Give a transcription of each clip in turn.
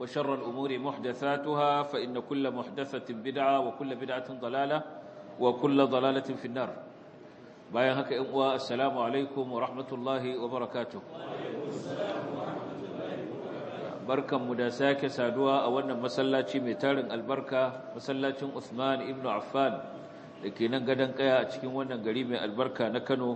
وشر الأمور محدثاتها فإن كل محدثة بدعة وكل بدعة ضلالة وكل ضلالة في النار بايا هكا إموا السلام عليكم ورحمة الله وبركاته بركة مداساك سادوا أولا مسلاتي ميتال البركة مسلاتي عثمان ابن عفان لكي ننقدن قيا أتكي وننقريم البركة نكنو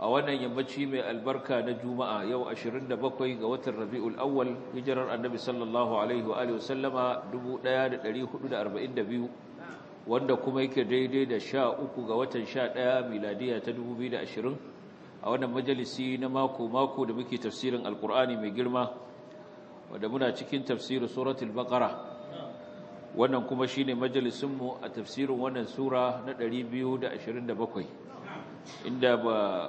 a wannan yammaci mai albarka na juma'a yau 27 ga watan rabi'ul awwal hijirar annabi sallallahu alaihi wa alihi wasallama 1442 wanda kuma yake daidai da 13 ga watan 11 miladiya ta 2020 a wannan majalisi na mako mako da muke tafsirin alkur'ani mai girma wanda muna cikin tafsirin suratul baqara wannan kuma shi ne majalisinmu a tafsirin wannan sura na 227 inda ba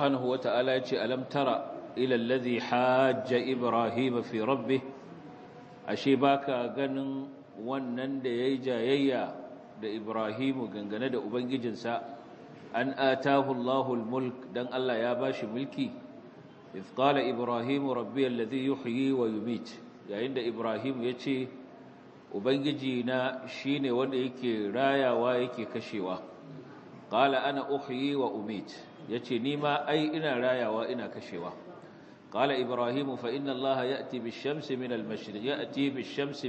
subhanahu ta'ala ya ce alam tara ila allazi hajja ibrahim fi rabbih ashe baka ganin wannan da yayi jayayya da ibrahim gangane da ubangijinsa an atahu allahu almulk dan Allah ya bashi mulki إذ قال إبراهيم ربي الذي يحيي ويميت yayin da Ibrahim ya ce ubangiji na shine wanda yake rayawa yake kashewa qala ana uhyi wa umit yace ni ma ai ina rayawa ina kashewa Ƙala ibrahimu fa inna allaha ya'ti bish-shamsi min al shamsi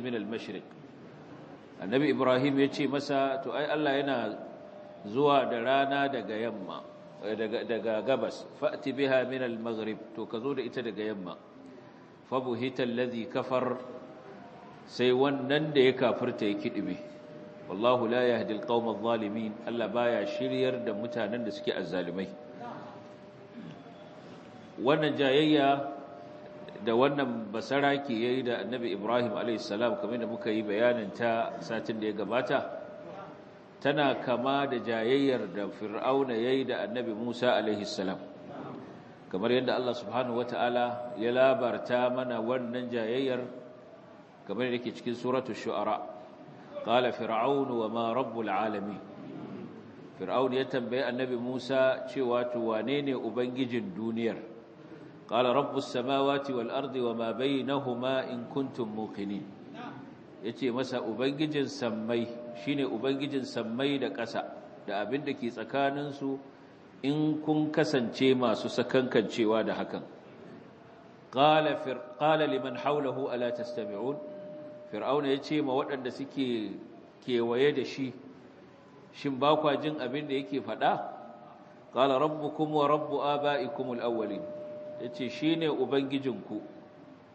annabi ibrahim yace masa to ai Allah yana zuwa da rana daga yamma eh, daga gabas fa'ti biha min al-maghrib to kazo da ita daga yamma fa buhita alladhi kafar sai wannan da ya kafirta ya kidibe wallahu la yahdi al-qawma adh-dhalimin Allah baya shiryar da mutanen da suke azzalimai wannan jayayya da wannan basaraki yayi da annabi Ibrahim alaihissalam kamar da muka yi bayanin ta satin da ya gabata tana kama da jayayyar da fir'auna yayi da annabi Musa alaihissalam kamar yadda Allah subhanahu ta'ala ya labarta mana wannan jayayyar kamar yake cikin suratu shu'ara Kala Fir'aunu ma رب العالمين ya tambaye annabi Musa cewa to ne ubangijin duniyar qala rabbus samawati wal ardi wama bainahuma in kuntum muqinin yace masa ubangijin sammai shine ubangijin sammai da ƙasa da abin da ke tsakanin su in kun kasance masu sakankancewa da hakan qala fir qala liman hawlahu ala tastami'un fir'auna yace ma waɗanda suke kewaye da shi shin ba kwa jin abin da yake faɗa qala rabbukum wa rabbu aba'ikum al-awwalin ya ce shi ne ubangijinku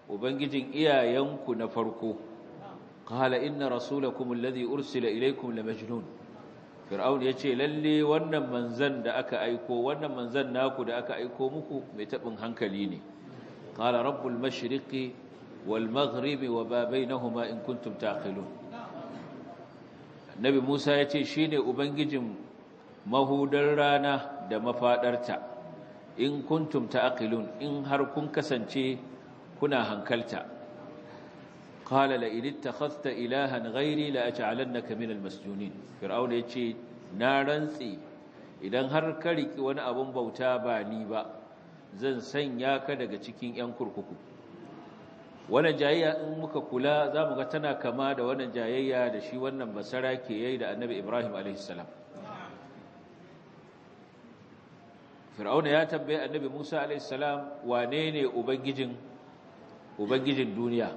ubangijin iyayenku na farko kala inna rasulakum alladhi ursila ilaykum la majnun fir'aun ya ce lalle wannan manzan da aka aiko wannan manzan naku da aka aiko muku mai tabin hankali ne kala rabbul mashriqi wal maghribi wa ba bainahuma in kuntum taqilun nabi musa ya ce shine ubangijin mahudar rana da mafadarta in kuntum ta'qilun in har kun kasance kuna hankalta qala la in ittakhadhta ilahan ghairi la aj'alannaka min almasjunin fir'aun yace na rantsi idan har ka riki wani abun bauta ba ni ba zan sanya ka daga cikin yan kurkuku wannan jayayya in muka kula zamu ga tana kama da wannan jayayya da shi wannan basara ke yayi da annabi ibrahim alaihi salam fir'auna ya tambaye annabi Musa a.s. wane ne ubangijin duniya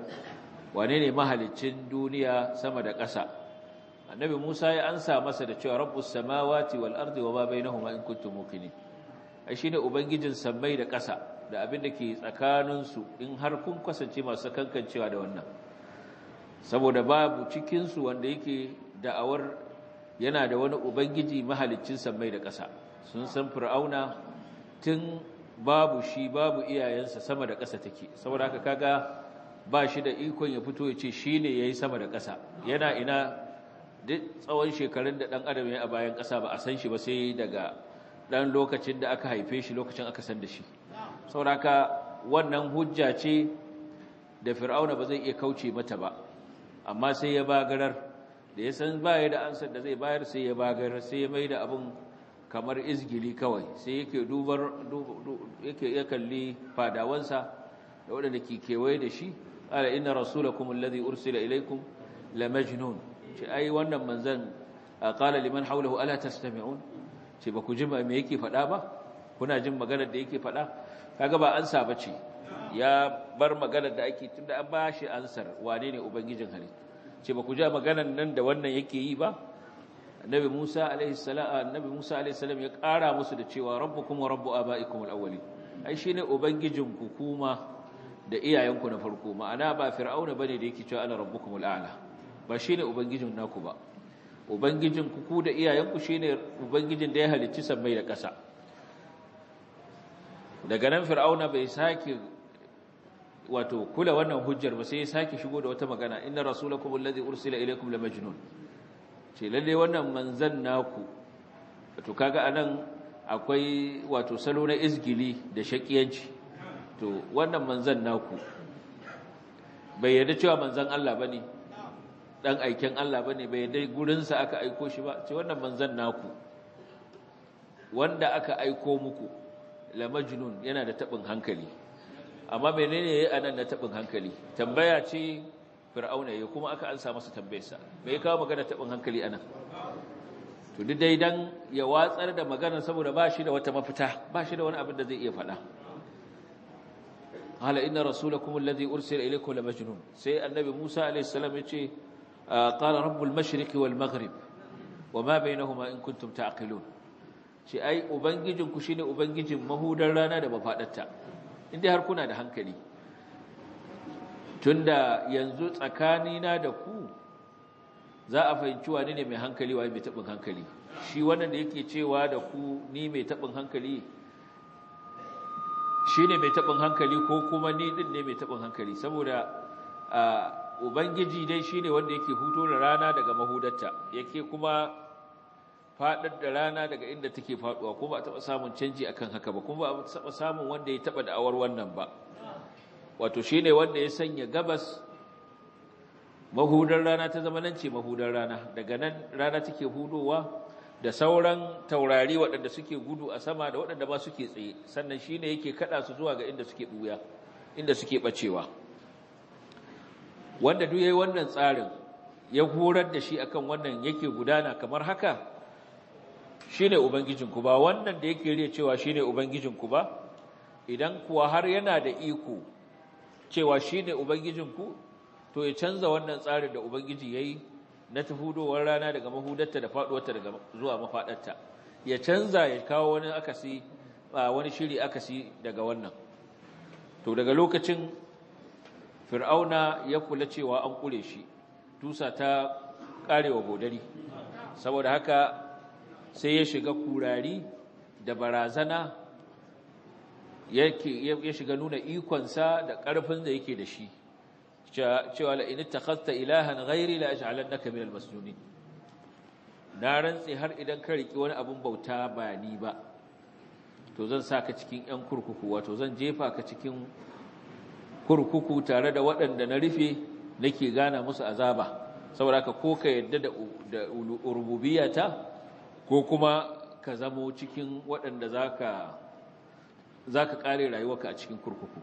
wane ne mahalicin duniya sama da ƙasa annabi Musa ya ansa masa da cewa rabbus samawati wal arzi wa na huma in kuntum A shi ne ubangijin samai da ƙasa da abin da ke tsakaninsu in har kun kasance masu kankancewa da wannan saboda babu cikinsu wanda yake da'awar yana da wani ubangiji mahaliccin samai da ƙasa sun san fir'auna tun babu shi babu iyayensa sama da ƙasa take saboda haka kaga ba shi da ikon ya fito ya ce shi ne ya yi sama da ƙasa yana ina duk tsawon shekarun da ɗan adam ya a bayan ƙasa ba a san shi ba sai daga ɗan lokacin da aka haife shi lokacin aka san da shi saboda haka wannan hujja ce da fir'auna ba zai iya kauce mata ba amma sai ya bagarar da ya san bayar da ansar da zai bayar sai ya bagarar sai ya mai da abin kamar izgili kawai sai yake dubar yake ya kalli fadawansa da waɗanda ke kewaye da shi ala inna rasulakum alladhi ursila ilaykum la majnun ce ai wannan manzan qala liman hawlahu ala tastami'un ce ba ku ji me yake faɗa ba kuna jin maganar da yake faɗa kaga ba ansa bace ya bar maganar da ake tunda an ba shi ansar wane ne ubangijin halittu ce ba ku ja maganar nan da wannan yake yi ba annabi Musa alaihi salatu annabi Musa alaihi salam ya ƙara musu da cewa rabbukum wa rabbu abaikum al-awwalin ai shine ku kuma da iyayenku na farko ma'ana ba fir'auna bane da yake cewa ana rabbukum al-a'la ba shine ubangijin naku ba ubangijin ku ku da iyayenku shine ubangijin da ya halicci sammai da ƙasa daga nan fir'auna bai sake wato kula wannan hujjar ba sai ya sake shigo da wata magana inna rasulakum alladhi ursila ilaykum la majnun ce lalle wannan manzan naku to kaga anan akwai wato salo na izgili da shakiyanci to wannan manzan naku bai yadda cewa manzan Allah bane dan aikin Allah bane bai yadda gurinsa aka aiko shi ba ce wannan manzan naku wanda aka aiko muku la majnun yana da tabin hankali amma menene yayi anan na tabin hankali tambaya ce fir'auna ya kuma aka ansa masa tambayarsa me ya kawo magana tabin hankali a to duk dai dan ya watsar da magana saboda ba shi da wata mafita ba shi da wani abin da zai iya faɗa hala inna rasulakum alladhi ursila ilaykum la majnun sai annabi Musa alayhi salam yace ah, qala rabbul mashriqi wal maghrib wama bainahuma in kuntum ta'qilun shi ai ubangijinku shine ubangijin mahudan rana da mafadarta dai har kuna da hankali tunda yanzu tsakanina da ku za a fahimci wani ne mai hankali wa mai taɓin hankali shi wannan da yake cewa da ku ni mai taɓin hankali shi ne mai taɓin hankali ko kuma ni ɗin ne mai taɓin hankali saboda ubangiji dai shi ne wanda yake huto da rana daga mahudarta yake kuma faɗar da rana daga inda take faɗuwa kuma a taɓa samun canji akan haka ba kuma ba a taɓa samun wanda ya taɓa da'awar wannan ba wato shine wanda ya sanya gabas mahudar rana ta zama nan ce mahudar rana daga nan rana take hudowa da sauran taurari waɗanda suke gudu a sama da waɗanda ba suke tsaye sannan shine yake kaɗa su zuwa ga inda suke ɓuya inda suke bacewa wanda duk ya yi wannan tsarin ya horar da shi akan wannan yake gudana kamar haka shine ubangijinku ba wannan da yake riya cewa shine ubangijinku ba idan kuwa har yana da iko cewa shi ne ubangijinku to ya canza wannan tsarin da ubangiji ya yi na tafudowar rana daga mahudarta da faduwarta daga zuwa mafaɗarta, ya canza ya kawo wani akasi a wani shiri akasi daga wannan to daga lokacin fir'auna ya kula cewa an kure shi tusa ta ƙarewa godari saboda haka sai ya shiga kurari da barazana ya shiga nuna ikon sa da ƙarfin da yake da shi cewa la in takhasta ilahan ghairi la aj'alannaka minal masjudin na rantsi har idan ka riki wani abun bauta ba ni ba to zan saka cikin yan kurkuku wato zan jefa ka cikin kurkuku tare da waɗanda na rufe nake gana musu azaba saboda ka ko ka yadda da rububiyata ko kuma ka zamo cikin waɗanda zaka za ka ƙare rayuwarka a cikin kurkuku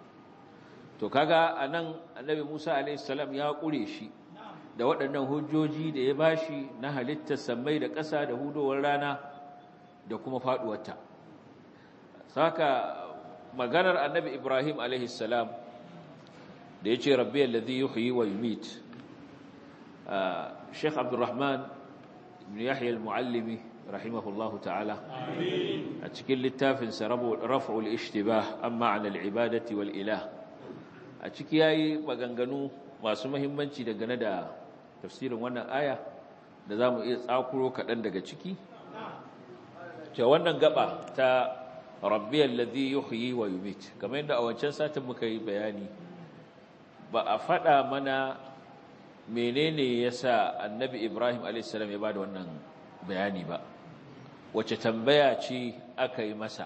to kaga a nan annabi musa alaihissalam ya ƙure shi da waɗannan hujjoji da ya bashi na halittar samai da ƙasa da hudowar rana da kuma faɗuwarta saka maganar annabi ibrahim alaihissalam da ya ce rabbi alladhi yuhyi wa yumit ah, sheikh abdurrahman ibn yahya al-muallimi rahimahullahu ta'ala a cikin littafinsa raf'ul ishtibah an ma'anar ibadati wal ilah a ciki yayi maganganu masu da dangane da tafsirin wannan aya da zamu iya tsakuro kaɗan daga ciki ce wannan gaba ta rabbiyar ladhi wa yumit kamar satin muka yi bayani ba a faɗa mana menene yasa annabi Ibrahim alaihissalam ya bada wannan bayani ba wace tambaya ce aka yi masa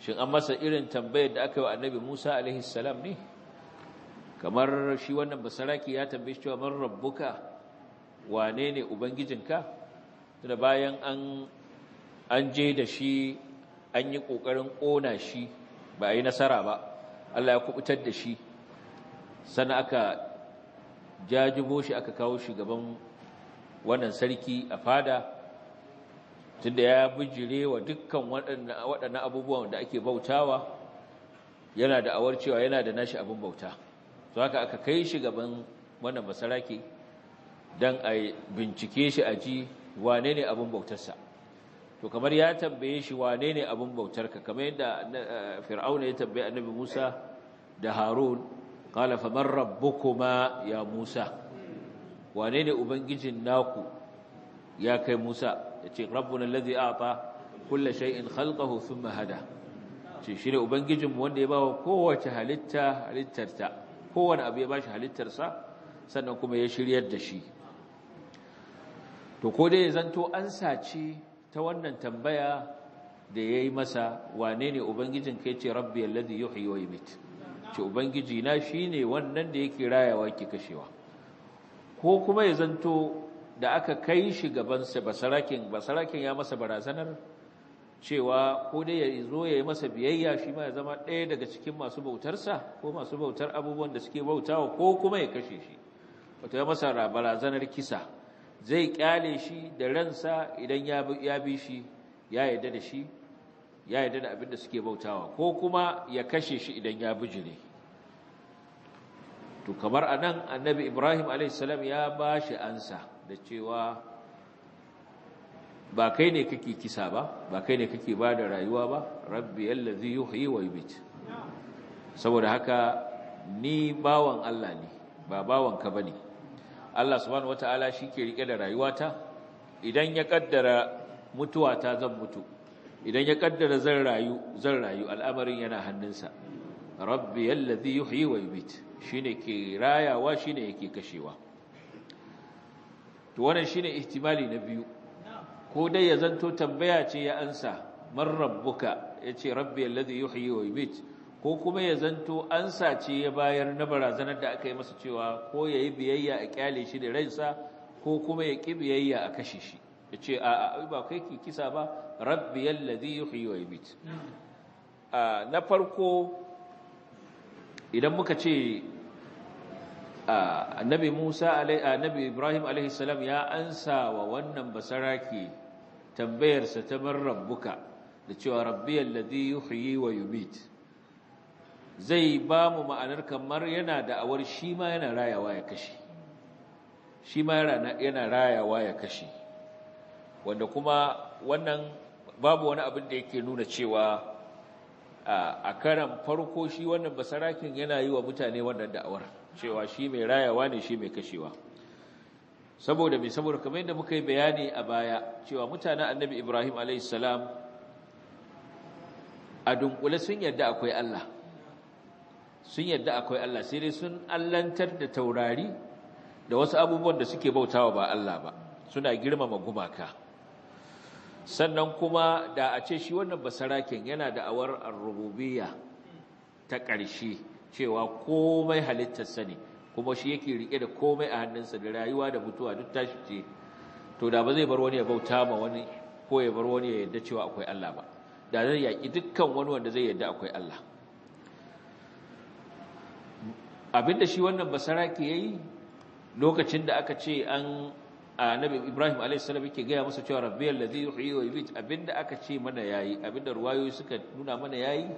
shin an masa irin tambayar da aka yi wa annabi Musa alaihi salam ne kamar shi wannan basaraki ya tambaye cewa man rabbuka wane ne ubangijinka tunda bayan an an je da shi an yi kokarin kona shi ba a yi nasara ba Allah ya kubutar da shi sana aka jajibo shi aka kawo shi gaban wannan sarki a fada Tun da ya bijire wa dukkan waɗannan abubuwan da ake bautawa yana da awar cewa yana da nashi abin bauta to haka aka kai shi gaban wannan masaraki don a bincike shi a ji wane ne abin bautarsa to kamar ya tambaye shi wane ne abin bautarka kamar yadda eh, fir'auna ya tambaye annabi musa da harun kala famar kuma ya musa wane ne ubangijin naku ya kai musa yace rabbuna allazi a'ta kulli shay'in khalqahu thumma hada ce shine mu wanda ya bawa kowace halitta halittarta kowane abu ya bashi halittarsa sannan kuma ya shiryar da shi to ko dai zanto an saci ta wannan tambaya da yayi masa wane ne ubangijin ka yace rabbi allazi yuhyi wa yumit ce ubangiji na shine wannan da yake rayawa yake kashewa ko kuma ya zanto da aka kai shi gabansa basarakin basarakin ya masa barazanar cewa ko dai ya zo ya yi masa biyayya shi ma ya zama ɗaya daga cikin masu bautarsa ko masu bautar abubuwan da suke bautawa ko kuma ya kashe shi wato ya masa barazanar kisa zai kyale shi da ransa idan ya bi shi ya yarda da shi ya yarda da abin da suke bautawa ko kuma ya kashe shi idan ya bijire to kamar anan annabi ibrahim salam ya ba shi ansa da cewa ba kai ne kake kisa ba ba kai ne kake ba da rayuwa ba rabbi allazi yuhyi wa yumit saboda haka ni bawan Allah ne ba bawan ka bane Allah subhanahu wataala ke rike da rayuwata idan ya kaddara mutuwata zan mutu idan ya kaddara zan rayu zan rayu al'amarin yana hannunsa rabbi allazi yuhyi wa yumit shine ke rayawa shine yake kashewa to wannan shine ihtimali na biyu ko dai ya zanto tambaya ce ya ansa man rabbuka yace rabbi alladhi yuhyi wa yumit ko kuma ya zanto ansa ce ya bayar na barazanar da aka yi masa cewa ko yayi biyayya a kyale shi da ransa ko kuma ya ki biyayya a kashe shi yace a a ba kai ki kisa ba rabbi alladhi yuhyi wa yumit ah, na farko idan muka ce annabi Musa annabi Ibrahim alaihi salam ya ansa wa wannan basaraki tambayarsa ta bar rabbuka da cewa rabbi alladhi yuhyi wa yumit zai ba mu ma'anar kamar yana da awar shi ma yana rayawa ya kashi shi ma yana rayawa ya kashi wanda kuma wannan babu wani abin da yake nuna cewa a karan farko shi wannan basarakin yana yi wa mutane wannan da'awar cewa shi mai rayawa ne shi mai kashewa saboda mai saboda kamar yadda muka yi bayani a baya cewa mutanen annabi ibrahim alaihissalam a dunkule sun yadda akwai allah sun yadda akwai allah sai dai sun allantar da taurari da wasu abubuwan da suke bautawa ba allah ba suna girmama gumaka sannan kuma da a ce shi wannan basaraken yana da awar rububiyya ta ƙarshe cewa komai halittarsa sani, kuma shi yake rike da komai a hannunsa da rayuwa da mutuwa duk tashi ce to da ba zai bar wani ya bauta ma wani ko ya bar wani ya yadda cewa akwai Allah ba da zai yaki dukkan wani wanda zai yadda akwai Allah abinda shi wannan basaraki yayi lokacin da aka ce an annabi Ibrahim a.s. yake gaya masa cewa rabbiyal ladhi yuhyi wa yumiit abinda aka ce mana yayi abinda ruwayoyi suka nuna mana yayi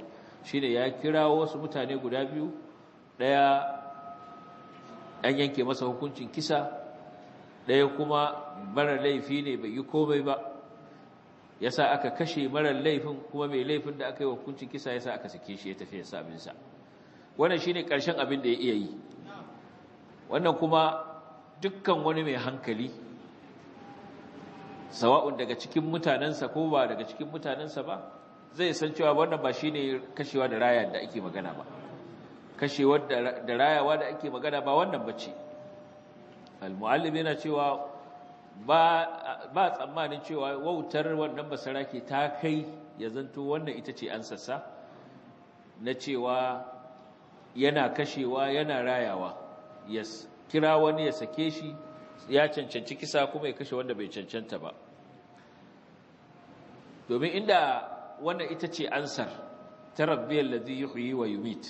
shine ya kira wasu mutane guda biyu ɗaya an yanke masa hukuncin kisa ɗaya kuma mara laifi ne bai yi komai ba Ya sa aka kashe mara laifin kuma mai laifin da aka yi hukuncin kisa ya sa aka sake shi ya tafi ya sa shi ne shine ƙarshen abin da ya iya yi wannan kuma dukkan wani mai hankali sawa'un daga cikin mutanensa ko ba daga cikin mutanensa ba zai san cewa wannan ba shi ne kashewa da raya da ake magana ba kashewar da rayawa da ake magana ba wannan ba al-mu'allim yana cewa ba tsammanin cewa wautar wannan ke ta kai ya zanto wannan ita ce an sassa na cewa yana kashewa yana rayawa ya kira wani ya sake shi ya cancanci kisa kuma ya kashe wanda bai cancanta ba domin inda wannan ita ce ansar ta rabbiyal ladhi wa yumit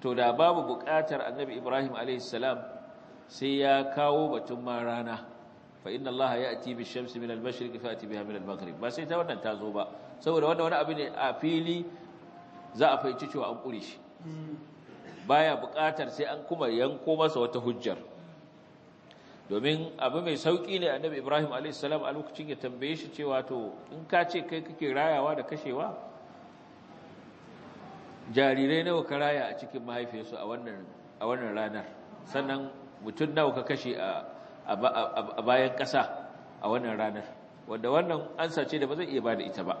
to da babu buƙatar annabi ibrahim alaihissalam sai ya kawo batun ma rana fa inna ya ya'ti bish-shamsi min al-mashriqi fa ya'ti biha min al-maghrib ba sai ta wannan ta zo ba saboda wannan wani abu ne a fili za a fahimci cewa an kure shi hmm. baya buƙatar sai an kuma yanko masa wata hujjar domin abu mai sauƙi ne annabi ibrahim a.s. a lokacin ya tambaye shi cewa to in ka ce kai kake rayawa da kashewa jarirai nawa ka raya a cikin mahaifiyarsu a wannan ranar sannan mutum nawa ka kashe a bayan ƙasa a wannan ranar wanda wannan ansa ce da ba zai iya ba da ita ba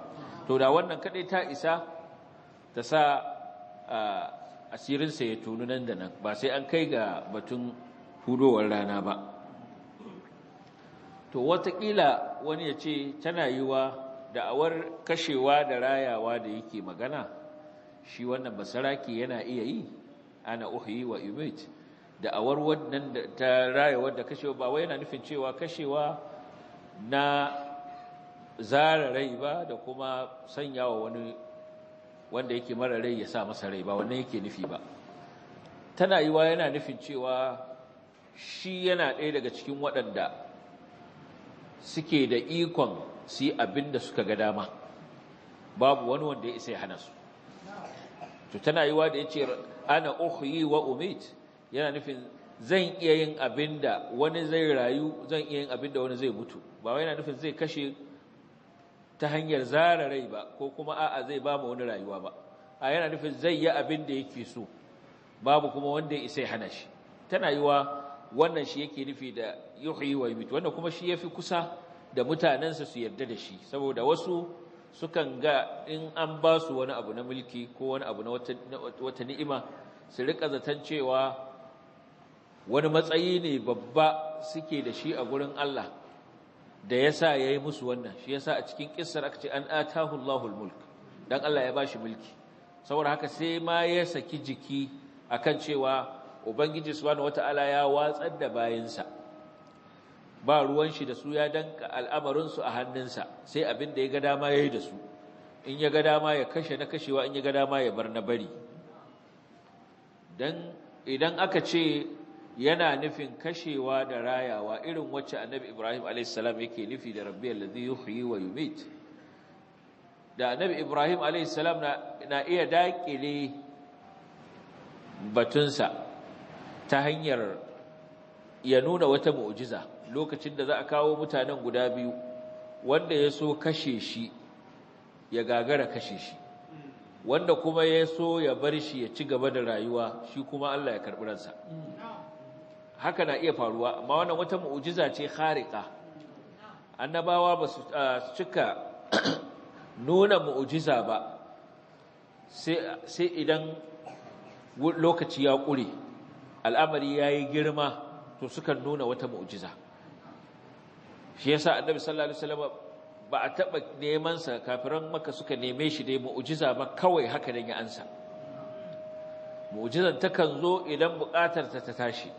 to da wannan kaɗai ta isa ta sa asirinsa ya tunu nan da nan ba sai an kai ga batun hudowar rana ba to watakila wani ya ce tana yi wa da'awar kashewa da rayawa da yake magana shi wannan basaraki yana iya yi ana uhyi wa umit da'awar wannan ta rayawa da kashewa ba wai yana nufin cewa kashewa na zara rai ba da kuma sanyawa wani wanda yake mara rai ya sa masa rai ba wannan yake nufi ba tana yi wa yana nufin cewa shi yana ɗaya daga cikin waɗanda suke da ikon su yi abin da suka ga dama babu wani wanda ya isa ya hana su to tana wa da ya ce ana yi wa umit yana nufin zan iya yin abin da wani zai rayu zan iya yin abin da wani zai mutu ba wai yana nufin zai kashe ta hanyar zara rai ba ko kuma a'a zai ba mu wani rayuwa ba a yana nufin zai yi abin da yake so babu kuma wanda ya isa ya hana shi tana yiwa wannan shi yake nufi da yuhyi wa yumit wannan kuma shi yafi kusa da mutanensa su yarda da shi saboda wasu sukan ga in an ba su wani abu na mulki ko wani abu na wata ni'ima su rika zaton cewa wani matsayi ne babba suke da shi a gurin Allah da yasa yayi musu wannan shi yasa a cikin kissar aka ce an atahu Allahul mulk dan Allah ya bashi mulki saboda haka sai ma ya saki jiki akan cewa ubangiji wata wataala ya watsar da bayansa ba ruwan shi da su ya danka al'amarin su a hannunsa sai abin da ya ga dama yayi da su in ya ga dama ya kashe na kashewa in ya ga dama ya bar na bari idan aka ce yana nufin kashewa da rayawa irin wacce annabi Ibrahim a.s. yake nufi da rabbi alladhi yuhyi wa yumit da annabi Ibrahim a.s. na iya daƙile batunsa ta hanyar ya nuna wata mu'ujiza lokacin da za a kawo mutanen guda biyu wanda ya so kashe shi ya gagara kashe shi wanda kuma ya so ya bar shi ya ci gaba da rayuwa shi kuma Allah ya karɓi ransa haka na iya faruwa amma wannan wata mu'ujiza ce khariqa annabawa ba su cika nuna mu'ujiza ba sai idan lokaci ya ƙure al'amari yi girma to sukan nuna wata mu'ujiza. shi yasa annabi sallallahu alaihi wasallam ba a taɓa neman sa kafiran maka suka neme shi dai mu'ujiza ba kawai haka da ya ansa mu'jizan takan zo idan buƙatar ta tashi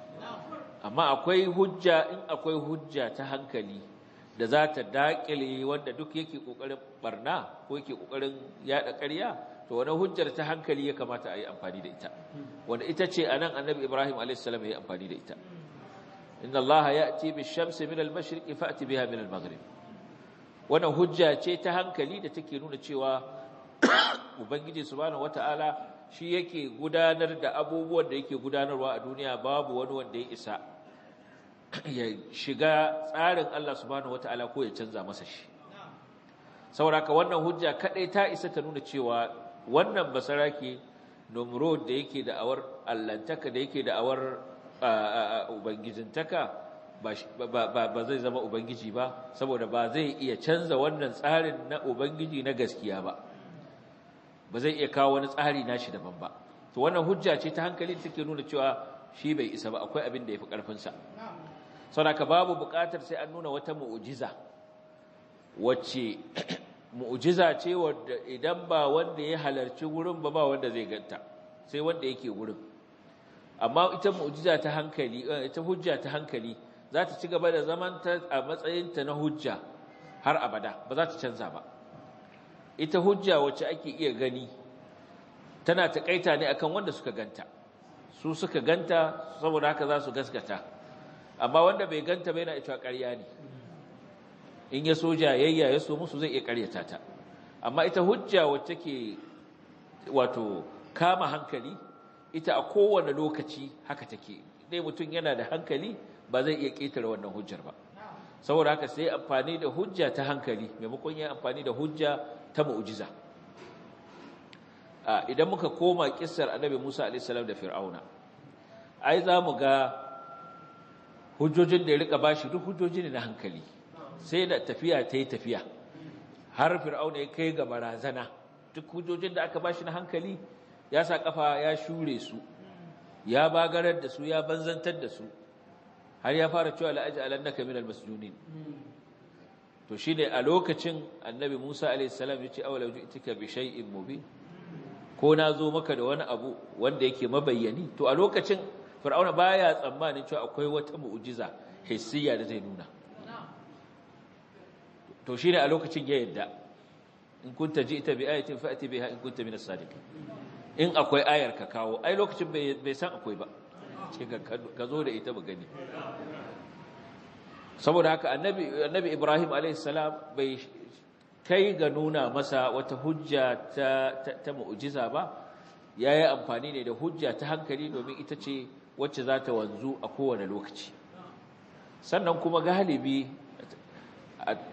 amma akwai hujja in akwai hujja ta hankali da za ta daƙile wanda duk yake ƙoƙarin barna ko yake ƙoƙarin yaɗa ƙarya to wani hujjar ta hankali ya kamata a yi amfani da ita wanda ita ce a nan annabi ibrahim a.s. ya yi amfani da ita inna allaha ya ci bi shamsi min al-mashriqi fa'ti biha min al-maghrib wannan hujja ce ta hankali da take nuna cewa ubangiji subhanahu wata'ala shi yake gudanar da abubuwan da yake gudanarwa a duniya babu wani wanda ya isa ya shiga tsarin Allah subhanahu wata'ala ko ya canza masa shi saboda ka wannan hujja kadai ta isa ta nuna cewa wannan basarake numrod da yake da awar allantaka da yake da awar ubangijintaka ba zai zama ubangiji ba saboda ba zai iya canza wannan tsarin na ubangiji na gaskiya ba ba zai iya kawo wani tsari nashi daban ba to wannan hujja ce ta hankali da take nuna cewa shi bai isa ba akwai abin da fi karfin sa saboda babu bukatar sai an nuna wata mu'jiza wacce mu'jiza ce wanda idan ba wanda ya halarci wurin ba ba wanda zai ganta sai wanda yake wurin amma ita mu'jiza ta hankali eh, ita hujja ta hankali za ta ci gaba da zaman ta a matsayin ta na hujja har abada ba za ta canza ba ita hujja wacce ake iya gani tana takaita ne akan wanda suka ganta su suka ganta saboda haka za su gaskata amma wanda bai ganta bai na ita ƙarya ne in ya so jayayya ya so musu zai iya karyata ta amma ita hujja wacce ke wato kama hankali ita a kowane lokaci haka take dai mutum yana da hankali ba zai iya ƙetare wannan hujjar ba saboda haka sai amfani da hujja ta hankali maimakon yin amfani da hujja ta mu'jiza idan muka koma kissar annabi Musa alaihi salam da Fir'auna ai za mu ga hujjojin da ya rika bashi duk hujjoji ne na hankali sai da tafiya ta yi tafiya har fir'auna ya kai ga barazana duk hujjojin da aka bashi na hankali ya sa kafa ya shure su ya bagarar da su ya banzantar da su har ya fara cewa la'aj'alannaka masu masjunin to shi ne a lokacin annabi Musa alaihissalam ya ce awalau ji'tuka bi shay'in mubin ko na zo maka da wani abu wanda yake mabayyani to a lokacin fir'auna baya tsammanin cewa akwai wata mu'ujiza, hissiya da zai nuna to shine a lokacin ya yadda in kunta ji'ta bi ayatin fa'ti biha in kunta minas sadiqin in akwai ayar ka kawo ai lokacin bai san akwai ba ce ka zo da ita ba gani saboda haka annabi annabi Ibrahim alaihi salam bai kai ga nuna masa wata hujja ta ta, mu'jiza ba yayi amfani ne da hujja ta hankali domin ita ce wacce za ta wanzu a kowane lokaci sannan kuma galibi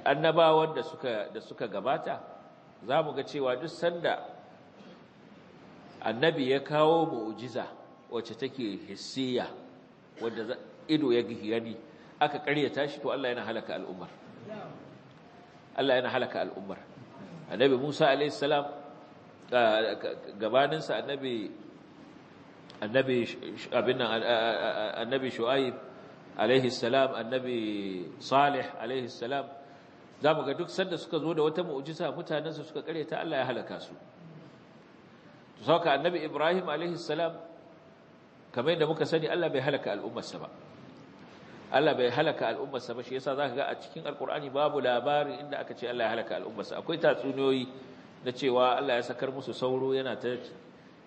annabawan da suka da suka gabata zamu ga cewa duk sanda annabi ya kawo mu'jiza wacce take hissiya wanda ido ya gihiyani aka karyata shi to Allah yana halaka al'ummar Allah yana halaka al'ummar annabi Musa alayhi salam gabaninsa annabi annabi abin nan annabi Shu'aib alaihi salam annabi salih alaihi salam za mu ga duk sanda suka zo da wata mu'jisa mutanensu suka kare ta Allah ya halaka su to sauka annabi Ibrahim alaihi salam kamar yadda muka sani Allah bai halaka al'ummarsa ba Allah bai halaka al'ummarsa ba shi yasa zaka ga a cikin alqur'ani babu labarin inda aka ce Allah ya halaka al'ummarsa akwai tatsuniyoyi na cewa Allah ya sakar musu sauro yana ta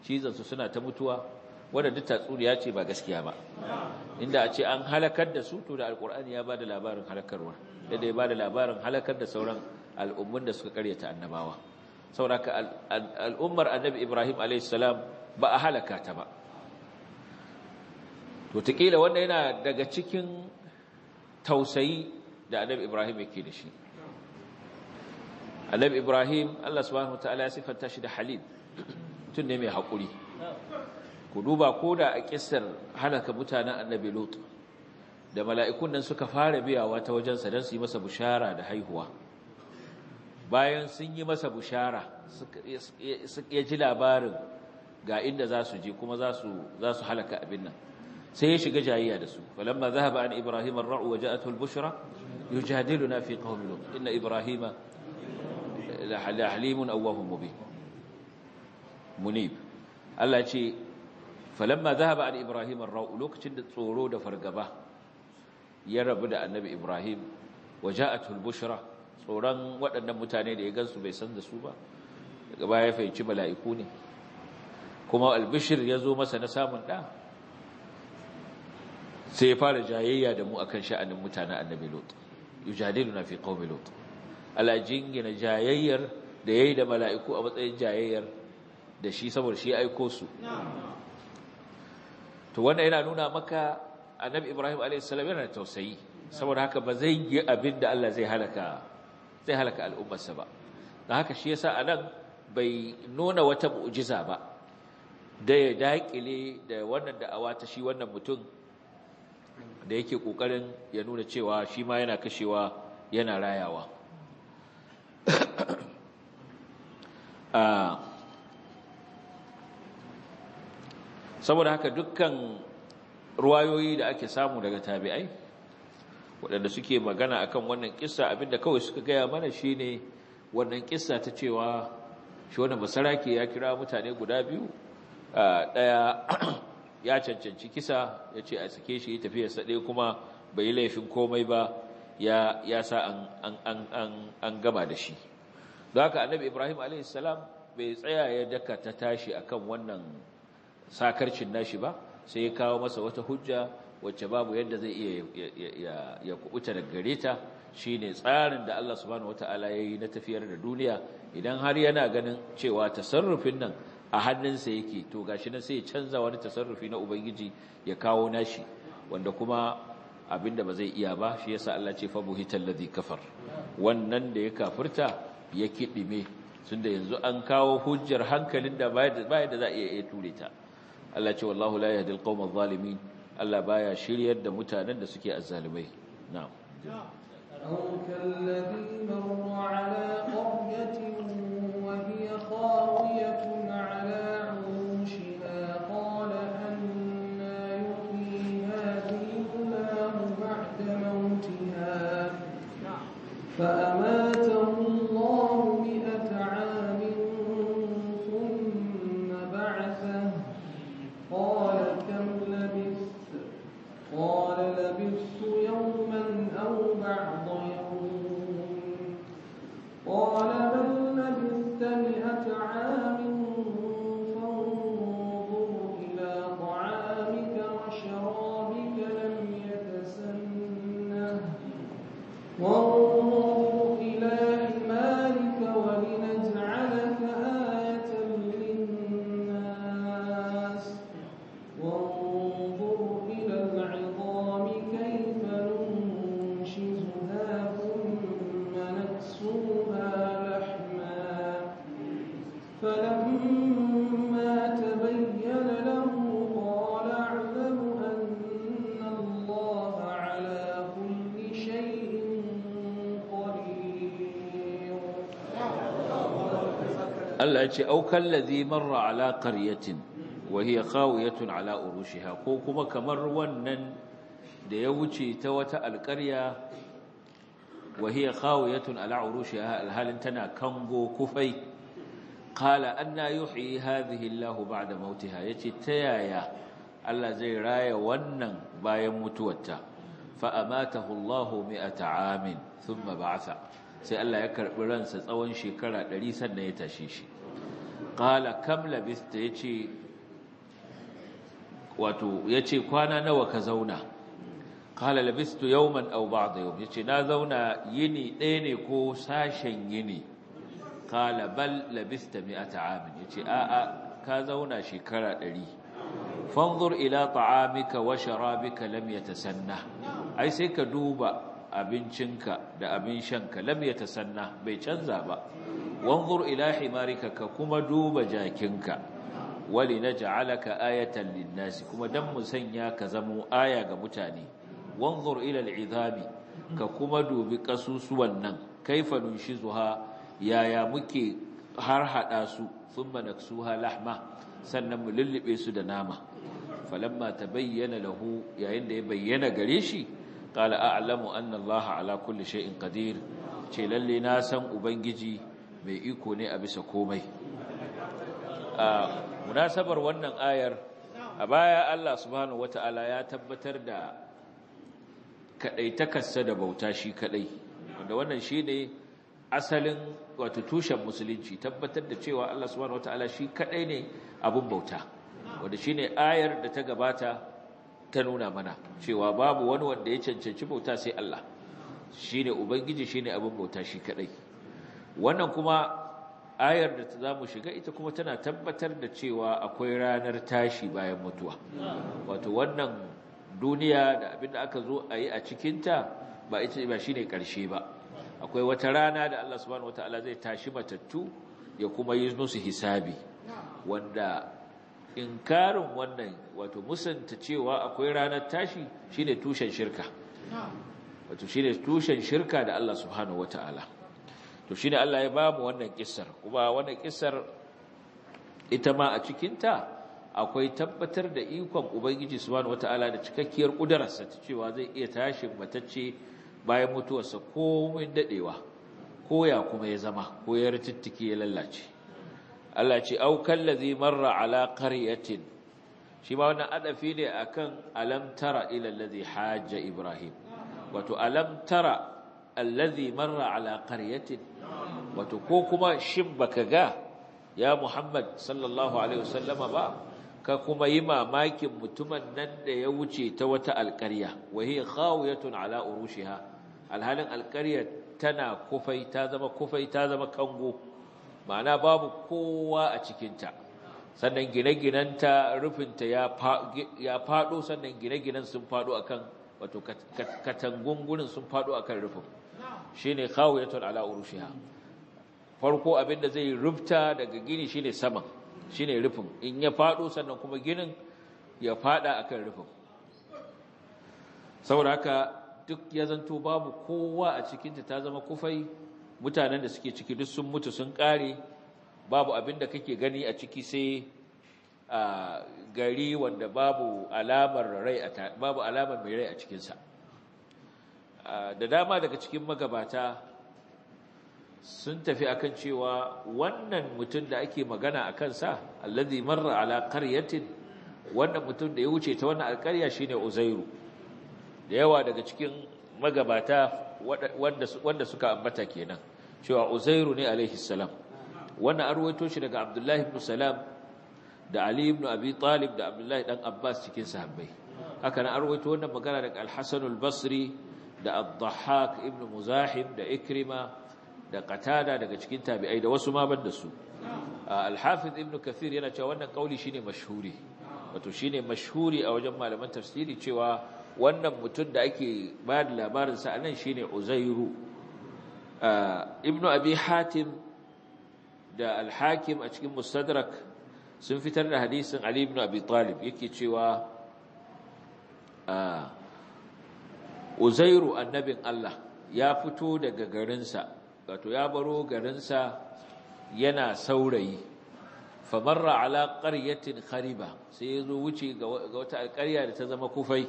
cizon su suna ta mutuwa wanda duk tatsuniya ce ba gaskiya ba inda a ce an halakar da su to da alqur'ani ya bada labarin halakarwa da ya da labarin halakar da sauran al'ummar da suka karyata annabawa sauraka al'ummar annabi Ibrahim a.s. ba a halaka ta ba to wanda yana daga cikin tausayi da annabi Ibrahim yake da shi annabi Ibrahim Allah subhanahu wataala ya sifanta shi da halin tun ne mai haƙuri ku duba ko da a ƙisar halaka mutanen annabi Lot da mala'ikun nan suka fara biyawa ta wajensa don su yi masa bushara da haihuwa bayan sun yi masa bushara ya ji labarin ga inda za su je kuma za su halaka abin nan sai ya shiga jayayya da su falamma zahaba an ibrahim ar-ra'u wa ja'atuhu al-bushra na fi qawmi lut inna ibrahima la halimun awwahum mubin munib Allah ce falamma zahaba an ibrahim rau lokacin da tsoro da fargaba ya rabu da annabi ibrahim wa ja'atul bushra tsoron waɗannan mutane da ya gansu bai san da su ba daga baya ya fahimci mala'iku ne kuma albishir ya zo masa na samun ɗa sai ya fara jayayya da mu akan sha'anin mutanen annabi lot yujadiluna fi qaumi lot ala jingina jayayyar da yayi da mala'iku a matsayin jayayyar da shi saboda shi aiko su to wanda yana nuna maka annabi ibrahim a.s. yana da tausayi saboda haka ba zai yi abin da allah zai halaka zai halaka al'ummarsa ba da haka shi yasa a nan bai nuna wata mu'ujiza ba da ya daƙile da wannan da'awa ta shi wannan mutum da yake ƙoƙarin ya nuna cewa shi ma yana kashewa yana rayawa ah, saboda haka dukkan ruwayoyi da ake samu daga tabi'ai waɗanda suke magana akan wannan kissa abinda kawai suka gaya mana shine wannan kissa ta cewa shi wannan masaraki ya kira mutane guda biyu ɗaya ya cancanci kisa ya ce a sake shi tafiya sa kuma bai laifin komai ba ya ya sa an gama da shi don haka annabi ibrahim salam bai tsaya ya daka ta tashi akan wannan sakarcin nashi ba sai ya kawo masa wata hujja wacce babu yadda zai iya ya kubuta da gare ta shine tsarin da Allah subhanahu ya yi na tafiyar da duniya idan har yana ganin cewa tasarrufin nan a hannunsa yake to gashi nan sai ya canza wani tasarrufi na ubangiji ya kawo nashi wanda kuma abinda ba zai iya ba shi yasa Allah ce fa buhital ladhi kafar wannan da ya kafirta ya kidime tunda yanzu an kawo hujjar hankalin da baya da za a iya ture ta Allah ce wallahu la yahdi alqawma adh-dhalimin Allah baya shiryar da mutanen da suke azzalimai na'am أو كالذي مر على قرية وهي خاوية على عروشها قال أنا فأماته ya ce aukan lazi marra ala qaryatin wa hiya khawiyatun ala urushiha ko kuma kamar wannan da ya wuce ta wata alƙarya wa hiya khawiyatun ala urushiha alhalin tana kango kufai qala anna yuhyi hadhihi Allahu ba'da mautiha yace ta yaya Allah zai raya wannan bayan mutuwarta fa amatahu Allahu mi'ata amin thumma ba'atha sai Allah ya karɓi ransa tsawon shekara ɗari sannan ya tashe shi qala kam labista yace wato kwana nawa ka zauna qala labistu yawman aw ba'd yawm yace na zauna yini ɗaya ne ko sashen yini qala bal labista mi'ata amin yace a a ka zauna shekara ɗari. fanzur ila ta'amika wa sharabika lam yatasanna ai sai ka duba abincin ka da abin shanka lam yatasanna bai canza ba wanzur ila himarika ka kuma duba jakinka wali naj'alaka ayatan linnasi kuma dan mu sanya ka zamo aya ga mutane wanzur ila al ka kuma dubi kasusuwan nan kaifa nunshizuha yaya muke har hada su thumma naksuha lahma sannan mu lullube su da nama falamma tabayyana lahu yayin da ya bayyana gare shi qala a'lamu anna allaha ala kulli shay'in qadir ce lalle na san ubangiji mai iko ne a bisa komai a munasabar wannan ayar a baya Allah subhanahu wata'ala ya tabbatar da kaɗaitakarsa da bauta shi kadai. wanda wannan shi ne asalin wato tushen musulunci tabbatar da cewa Allah subhanahu wata'ala shi kadai ne abin bauta wanda shi ne ayar da ta gabata ta nuna mana cewa babu wani wanda ya cancanci bauta sai Allah shi ubangiji shi ne abin bauta shi kadai. wannan kuma ayar da za mu shiga ita kuma tana tabbatar da cewa akwai ranar tashi bayan mutuwa wato wannan duniya da abin da aka zo a yi a cikinta ba ita ba shine ƙarshe ba akwai wata rana da Allah subhanahu wataala zai tashi matattu ya kuma yi musu hisabi wanda inkarin wannan wato musanta cewa akwai ranar tashi shine tushen shirka wato shine tushen shirka da Allah subhanahu wataala to shine Allah ya bamu wannan kisar. kuma wannan kisar ita ma a cikinta akwai tabbatar da ikon ubangiji subhanahu wataala da cikakkiyar kudararsa ta cewa zai iya tashin matacce bayan mutuwarsa komai dadewa ya kuma ya zama ko ya rittike ya lallace Allah ce au kallazi marra ala qaryatin shi ma wannan adafi ne akan alam tara ila allazi hajja ibrahim wato alam tara allazi marra ala qaryatin wato ko kuma shin baka ga ya Muhammad sallallahu alaihi wasallama ba ka kuma yi mamakin mutumin nan da ya wuce ta wata alƙarya wa hiya khawiyatun ala urushiha alhalin alƙarya tana kufai ta zama kufai ta zama kango ma'ana babu kowa a cikinta sannan gine-ginenta ginen rufinta ya faɗo sannan gine-ginen sun faɗo akan wato katangungunin sun faɗo akan rufin Shi shine khawiyatun ala urushiha farko abinda zai rufta daga gini shi shine saman ne rufin in ya fado sannan kuma ginin ya fada kan rufin saboda haka duk ya zanto babu kowa a cikinta ta zama kufai mutanen da suke ciki duk sun mutu sun kare babu abin kake gani a ciki sai a ah, gari wanda babu alamar babu alamar mai rai a cikinsa Ah, da dama daga cikin magabata sun tafi akan cewa wannan mutum da ake magana a kansa alladhi marra ala qaryatin wannan mutum da ya wuce ta wannan alƙarya shine uzairu da yawa daga cikin magabata wanda suka ambata kenan cewa uzairu ne alaihi salam wannan arwaito shi daga abdullahi ibn salam da ali ibn abi talib da abdullahi dan abbas cikin sahabbai haka nan arwaito wannan magana daga al-hasan al-basri da ad-dhahhak ibn muzahim da ikrima da qatada daga cikin tabi'ai da wasu ma da su al-hafiz ibn kathir yana cewa wannan kauli shine mashhuri wato shine mashhuri a wajen malaman tafsiri cewa wannan mutum da ake ba da labarin sa anan shine uzairu ibn abi hatim da al-hakim a cikin mustadrak sun fitar da hadisin ali ibn abi talib yake cewa a uzairu annabin Allah ya fito daga garinsa wato ya baro garinsa yana saurayi famarra ala qaryatin khariba sai ya zo wuce ga wata alƙarya da ta zama kufai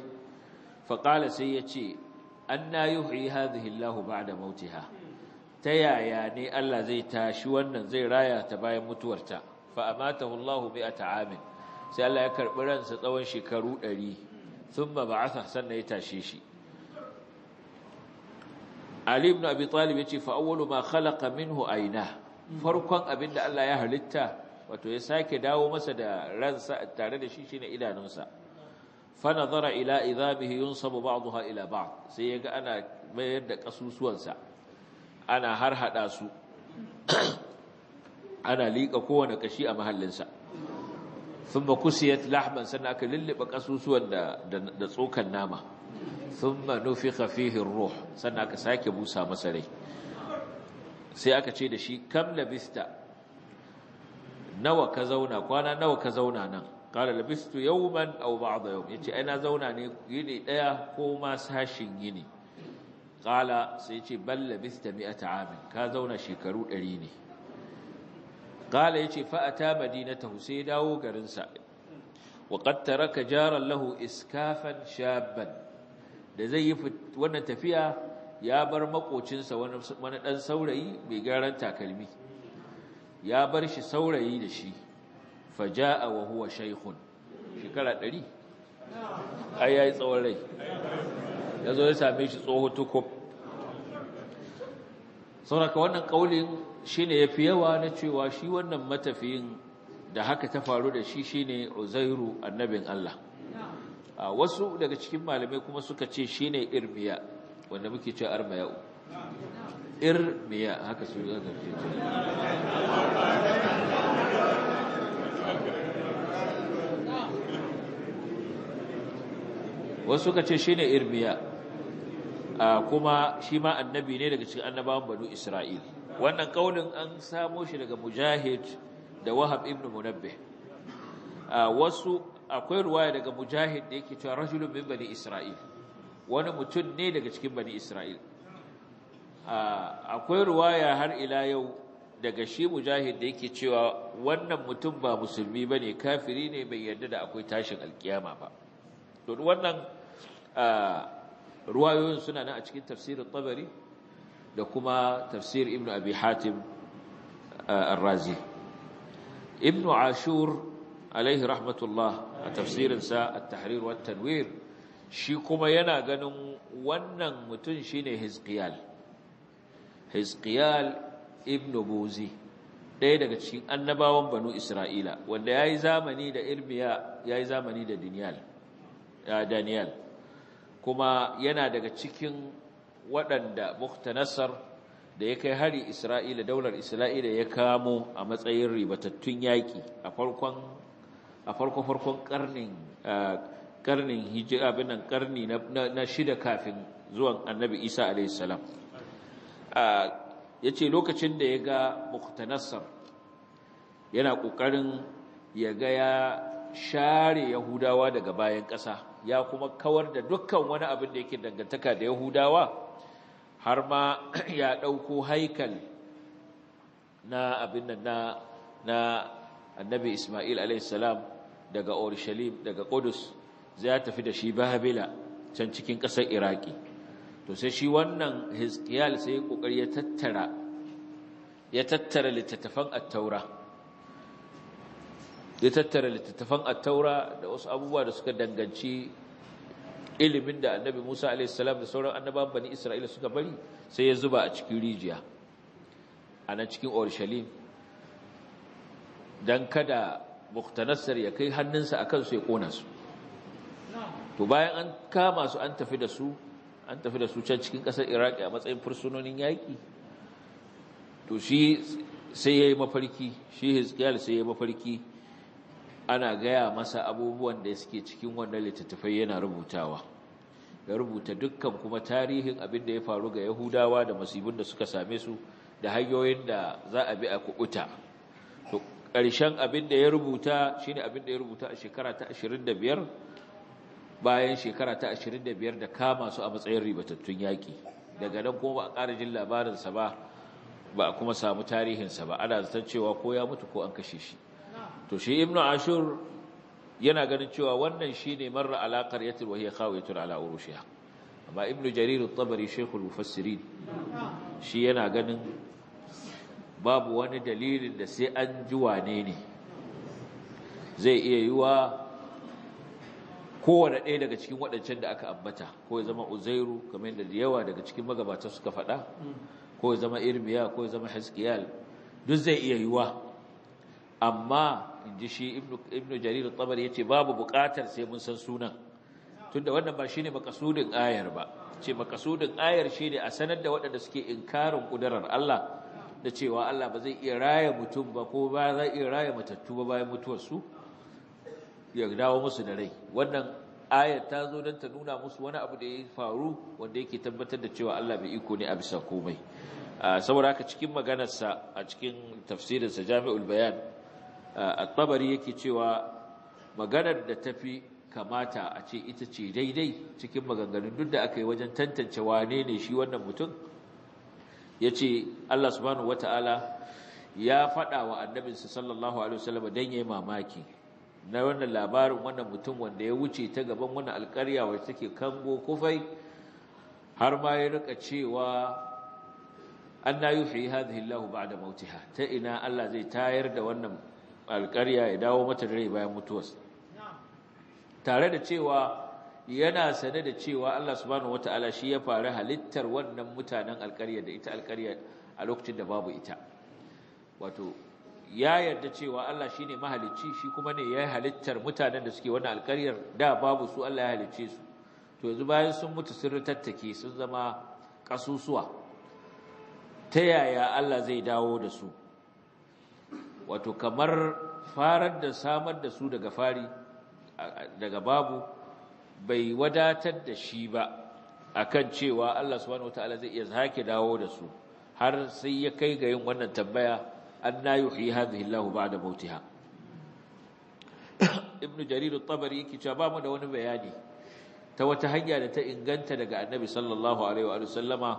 faƙala sai ya ce anna yuhyi hadhihi Allahu ba'da mautiha ta yaya ne Allah zai tashi wannan zai raya ta bayan mutuwarta fa hullahu Allahu a ta'amin, sai Allah ya karɓi ransa tsawon shekaru 100 thumma ba'atha sannan ya tashe shi ali ibn abi talib yace fa awwalu ma khalaqa minhu ayna farkon abinda Allah ya halitta wato ya sake dawo masa da ransa tare da shi shine idanunsa fa nazara ila idhabihi yunsabu ba'daha ila ba'd sai yaga ana mayar da kasusuwansa ana har hada su ana liƙa kowane kashi a mahallinsa thumma kusiyat lahman sannan aka lullube kasusuwan da tsokan nama thumma nufikha fihi ruh sannan aka sake busa masa rai sai aka ce da shi kam labista nawa ka zauna kwana nawa ka zauna nan qala labistu yawman aw ba'd yawm yace ai na zauna ne yini daya ko ma sashin yini qala sai yace bal labista mi'ata amin ka zauna shekaru 100 ne qala yace fa ata madinatahu sai dawo garin sa wa qad taraka jaran lahu iskafan shabban da zai yi wannan tafiya ya bar makocinsa wani ɗan saurayi mai gyaran takalmi ya bar shi saurayi da shi faja'a wa huwa shekara ɗari. ai yayi tsawon rai ya zo ya same shi tsohon tukub sauraka wannan kaulin ya fi yawa na cewa shi wannan matafiyin da haka ta faru da shi shi shine Uzairu annabin Allah wasu daga cikin malamai kuma suka ce shi ne irmiya wanda muke arma yau? irmiya haka su yi zaka ce wasu suka ce shi ne irmiya kuma shi ma annabi ne daga cikin annabawan banu isra'il wannan kaunin an samo shi daga mujahid da wahab ibn a wasu akwai ruwaya daga mujahid da yake cewa rajulun min bani isra'il wani mutum ne daga cikin bani isra'il ah, akwai ruwaya har ila yau daga shi mujahid da yake cewa wannan mutum ba musulmi ba ne kafiri ne bai yarda da akwai tashin alkiyama ba don wannan ah, ruwayoyin suna nan a cikin tafsirin tabari da kuma tafsir ibnu abi hatim ar-razi ah, ibnu ashur alaihi rahmatullah a tafsirinsa at-tahrir wa tanwir shi kuma yana ganin wannan mutum shine Hizqiyal Hizqiyal ibn Buzi ɗaya daga cikin annabawan banu Isra'ila wanda yi zamani da Irmiya yi zamani da Daniel Daniel kuma yana daga cikin waɗanda Muhtanassar da ya kai hari Isra'ila daular Isra'ila ya kamo a matsayin ribatattun yaƙi a farkon a farko farkon karnin karnin hijira abin nan karni na shida kafin zuwan annabi isa alaihi salam ya ce lokacin da ya ga muktanassar yana ƙoƙarin ya ga ya share yahudawa daga bayan ƙasa ya kuma kawar da dukkan wani abin da yake dangantaka da yahudawa har ma ya ɗauko haikal na abin nan na annabi ismail salam. daga Orishalim daga Qudus zai tafi da shi Babila can cikin ƙasar Iraki to sai shi wannan Hizkiyal sai kokari ya tattara ya tattara littattafan at-Taura ya tattara littattafan at-Taura da wasu abubuwa da suka danganci ilimin da Annabi Musa alaihi da sauran annabawan bani Isra'ila suka bari sai ya zuba a cikin rijiya a nan cikin Orishalim don kada muktanassar ya kai hannunsa akan su ya kona su to bayan an kama su an tafi da su an tafi da su can cikin ƙasar iraki a matsayin fursunonin yaƙi to shi sai ya yi mafarki shi hizkiyar sai ya yi mafarki ana gaya masa abubuwan da suke cikin wannan littattafai yana rubutawa ya rubuta dukkan kuma tarihin abin da ya faru ga yahudawa da masibin da suka same su da hanyoyin da za a bi a kubuta ƙarshen abin da ya rubuta shine abin da ya rubuta a shekara ta 25 bayan shekara ta 25 da kama su a matsayin ribatattun yaƙi daga nan kuma ba a ƙara jin labarinsa ba ba a kuma samu tarihinsa ba ana zaton cewa ko ya mutu ko an kashe shi to shi ibnu ashur yana ganin cewa wannan shi ne marar alaƙar ya kawo ya khawiyatun ala ha, amma ibnu jarir tabari shaykhul mufassirin shi yana ganin babu wani dalilin da sai an ji wane ne zai iya yi wa kowane ɗaya daga cikin waɗancan da aka ambata ko ya zama uzairu kamar da yawa daga cikin magabata suka faɗa ko ya zama irmiya ko ya zama haskiyal duk zai iya yi wa. amma in ji shi ibn jarir tabar ya ce babu buƙatar sai mun san sunan tunda wannan ba shi ne makasudin ayar ba ce makasudin ayar shi ne. a sanar da waɗanda suke inkarin ƙudurar Allah da cewa Allah ba zai iya raya mutum ba ko ba zai iya raya matattu ba bayan mutuwarsu ya dawo musu da rai wannan ayar ta zo don ta nuna musu wani abu da ya faru wanda yake tabbatar da cewa Allah bai iko ne a bisa komai saboda haka cikin maganarsa a cikin tafsirinsa jami'ul bayan at-tabari yake cewa maganar da tafi kamata a ce ita ce daidai cikin maganganun duk da aka yi wajen tantance wane ne shi wannan mutum ya ce Allah subhanahu Ta'ala ya faɗa wa annabinsa sallallahu alaihi wasallam don ya yi mamaki na wannan labarin wannan mutum wanda ya wuce ta gaban wannan alƙarya wacce take kango kufai har ma ya rika cewa an na yi hillahu hadhihi Allah da mautiha ta ina Allah zai tayar da wannan alƙarya ya dawo mata da rai bayan mutuwarsa tare da cewa yana sane da cewa Allah subhanahu wataala shi ya fara halittar wannan mutanen alƙarya da ita alƙarya a lokacin da babu ita wato ya yarda cewa Allah shine mahalicci shi kuma ne ya halittar mutanen da suke wannan alƙaryar da babu su Allah ya halicce su to yanzu bayan sun mutu sun ritattake sun zama kasusuwa ta yaya Allah zai dawo da su wato kamar farar da samar da su daga fari daga babu bai wadatar da shi ba akan cewa Allah subhanahu wataala zai iya zake dawo da su har sai ya kai ga yin wannan tambaya anna yuhyi hadhihi Allahu ba'da mautiha ibnu jarir at-tabari yake cewa ba mu da wani bayani ta wata hanya da ta inganta daga annabi sallallahu alaihi wa sallama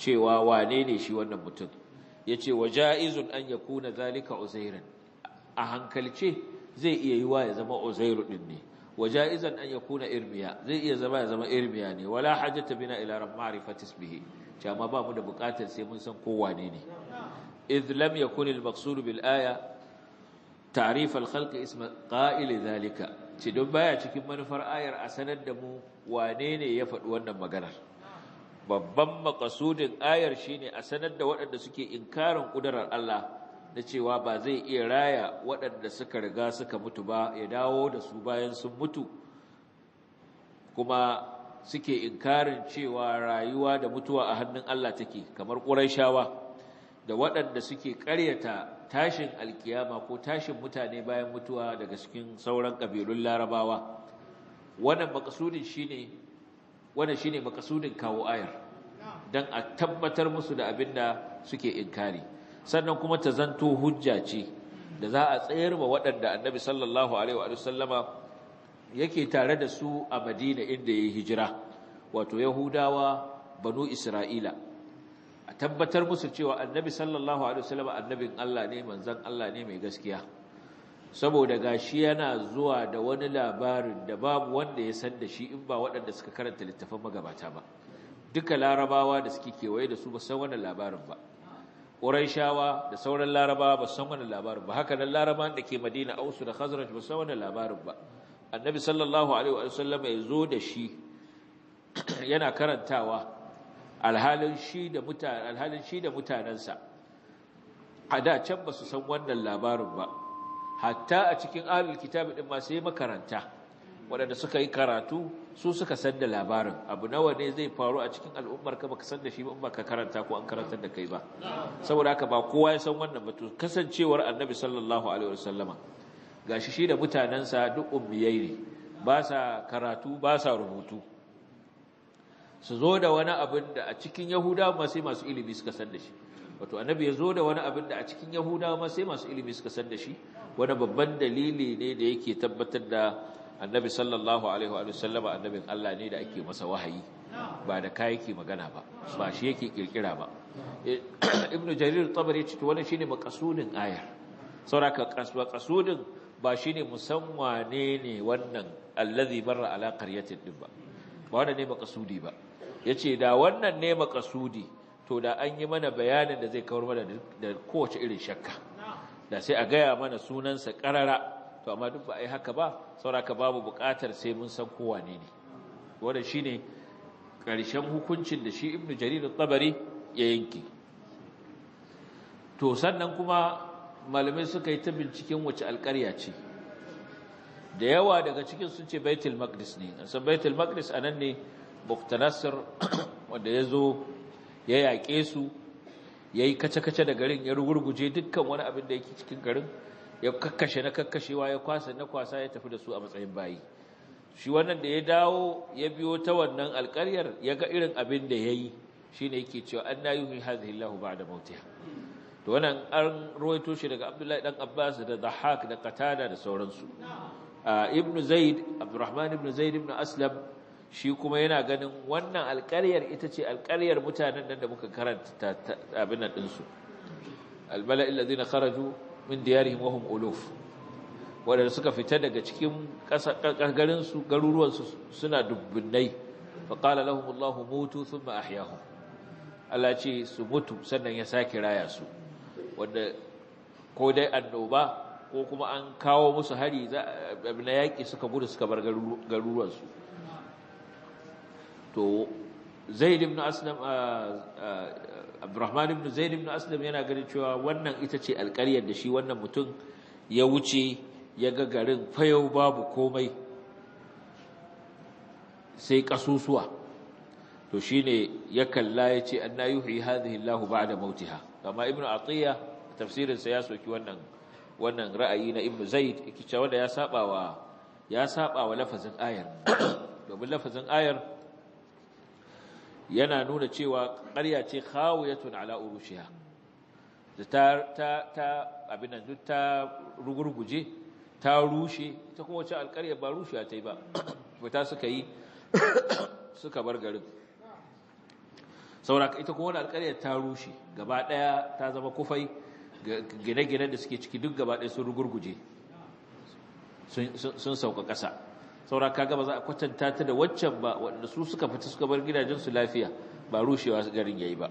cewa wane ne shi wannan mutum yace wajaizun an yakuna zalika uzairan a hankalce zai iya yiwa ya zama uzairu din ne wa ɗan an yakuna irmiya zai iya zama ya zama ilmiya ne wala hajjata bina ila ma'rifati ismihi cewa ma ba da bukatar sai mun san ko wanene. ne idh lam yakun al maqsud bil aya ta'rif al khalq ism don baya cikin manufar ayar a sanar da mu wanene ya faɗi wannan maganar babban maqasudin ayar shine a sanar da waɗanda suke inkarin kudarar Allah na cewa ba zai iya raya waɗanda suka riga suka mutu ba ya dawo da su bayan sun mutu kuma suke inkarin cewa rayuwa da mutuwa a hannun Allah take kamar ƙuraishawa da waɗanda suke ƙaryata tashin alkiyama ko tashin mutane bayan mutuwa daga cikin sauran ƙabilun larabawa wannan shi shine makasudin kawo ayar don a tabbatar musu da abin da suke inkari sannan kuma ta zanto hujja ce da za a tsayar wa waɗanda annabi sallallahu alaihi wa sallama yake tare da su a madina inda ya yi hijira wato yahudawa banu isra'ila a tabbatar musu cewa annabi sallallahu alaihi wasallam annabin Allah ne manzon Allah ne mai gaskiya saboda gashi yana zuwa da wani labarin da babu wanda ya san da shi in ba waɗanda suka karanta littafin magabata ba duka larabawa da suke kewaye da su ba san wannan labarin ba shawa da sauran laraba ba san wannan labarin ba haka nan laraba da ke madina ausu da khazraj ba san wannan labarin ba annabi sallallahu alaihi wa sallam ya zo da shi yana karantawa alhalin shi da mutane alhalin shi da mutanansa a da can ba su san wannan labarin ba hatta a cikin ahlul kitab din ma sai makaranta waɗanda suka yi karatu su suka san da labarin abu nawa ne zai faru a cikin al'ummar ka baka san da shi ba in baka karanta ko an karantar da kai ba saboda haka ba kowa ya san wannan ba kasancewar annabi sallallahu alaihi wasallama gashi shi da mutanansa duk ummiyai ne ba sa karatu ba sa rubutu su zo da wani abin da a cikin yahudawa ma sai masu ilimi suka san da shi wato annabi ya zo da wani abin da a cikin yahuda ma sai masu ilimi suka san da shi wani babban dalili ne da yake tabbatar da annabi sallallahu alaihi wa sallama annabin Allah ne da ake masa wahayi ba da kai yake magana ba ba shi yake kirkira ba eh, ibnu jarir tabari ce wannan shine makasudin ayar sauraka kasudin ba shine musamma ne ne wannan allazi barra ala qaryatin din ba ba wannan ne makasudi ba yace da wannan ne makasudi to da an yi mana bayanin da zai kawar mana da kowace irin shakka da sai a gaya mana sunansa karara to amma duk ba a yi haka ba sauraka babu bukatar sai mun san kowa ne ne wadda shi ne ƙarshen hukuncin da shi ibn jarir tsabari ya yanki to sannan kuma malamai suka yi ta binciken wace alƙarya ce da yawa daga cikin sun ce baitul maqdis ne san baitul maqdis anan ne muktanasir wanda ya zo ya yaƙe su ya yi kace-kace da garin ya rugurguje dukkan wani abin da yake cikin garin ya kakkashe na kakkashewa ya kwasa na kwasa ya tafi da su a matsayin bayi shi wannan da ya dawo ya biyo ta wannan alkaryar ya ga irin abin da ya yi shi ne yake cewa an na yuhi hazihi lahu ba da mautiya to wannan an rawaito shi daga abdullahi dan abbas da Zahak da katada da sauransu ibn zaid abdurrahman ibn zaid ibn aslam shi kuma yana ganin wannan alkaryar ita ce alkaryar mutanen nan da muka karanta abin nan ɗinsu albala'il ladina kharaju min diyarihim wa hum uluf wadanda suka fita daga cikin garin su garuruwan su suna dubbunai fa qala lahum Allah mutu thumma ahyahum Allah ce su mutu sannan ya saki raya su wanda ko dai annoba ko kuma an kawo musu hari na yaki suka gudu suka bar garuruwansu to zaid ibn aslam ah, ah, Abdurrahman ibn Zaid ibn Aslam yana ganin cewa wannan ita ce alƙaryar da shi wannan mutum ya wuce ya ga garin fayau babu komai sai kasusuwa to shine ya kalla ya ce anna yuhi hadhihi Allahu ba'da mautiha kama ibn Atiya tafsirin sa ya soki wannan wannan ra'ayi na ibn Zaid yake cewa da ya saba wa ya saba wa lafazin ayar domin lafazin ayar yana nuna cewa ƙarya ce khawiyatun ala urushiha ta ta ta abin nan duk ta rugurguje ta rushe ta kuma wacce alƙarya ba rushiya ta yi ba ta suka yi suka bar garin sauraka ita kuma wani alƙarya ta rushe gaba ɗaya ta zama kufai gine-gine da suke ciki duk gaba ɗaya sun rugurguje sun sauka ƙasa saura kaga ba za a kwatanta ta da waccan ba wanda su suka fita suka bar gidajensu lafiya ba rushewa garin yayi ba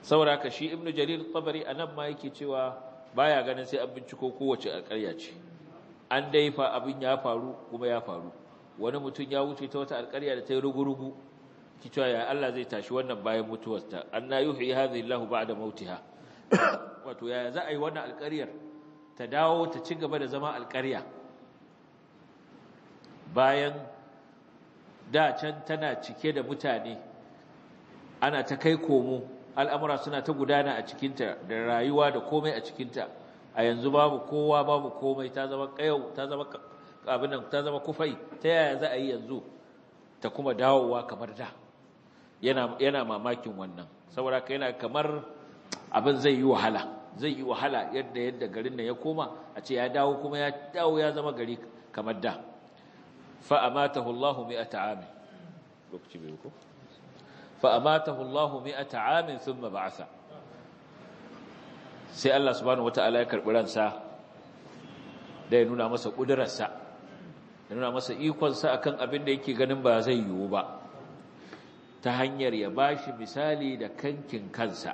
saura ka shi ibnu jarir tabari anan ma yake cewa baya ganin sai an binciko kowace alƙarya ce an dai fa abin ya faru kuma ya faru wani mutum ya wuce ta wata alƙarya da ta yi rugurugu ki cewa ya Allah zai tashi wannan bayan mutuwarta anna yuhyi hadhihi Allahu ba'da mautiha wato yaya za a yi wannan alƙaryar ta dawo ta ci gaba da zama alƙarya bayan da can tana cike da mutane ana ta kai komo al'amura suna ta gudana a cikinta da rayuwa da komai a cikinta a yanzu babu kowa babu komai ta zama kayau ta zama ta zama kufai ta yaya za a yi yanzu ta kuma dawowa kamar da yana mamakin wannan saboda kai yana kamar abin zai yi wahala zai yi wahala yadda yadda garin nan ya koma a ce ya dawo kuma ya dawo ya zama gari kamar da fa الله مئة عام amin الله مئة عام ثم amatahu سي الله سبحانه وتعالى ba'atha sai Allah da ya nuna masa ƙudurarsa, ya nuna masa ikonsa akan abin da yake ganin ba zai yiwu ba ta hanyar ya bashi misali da kankin kansa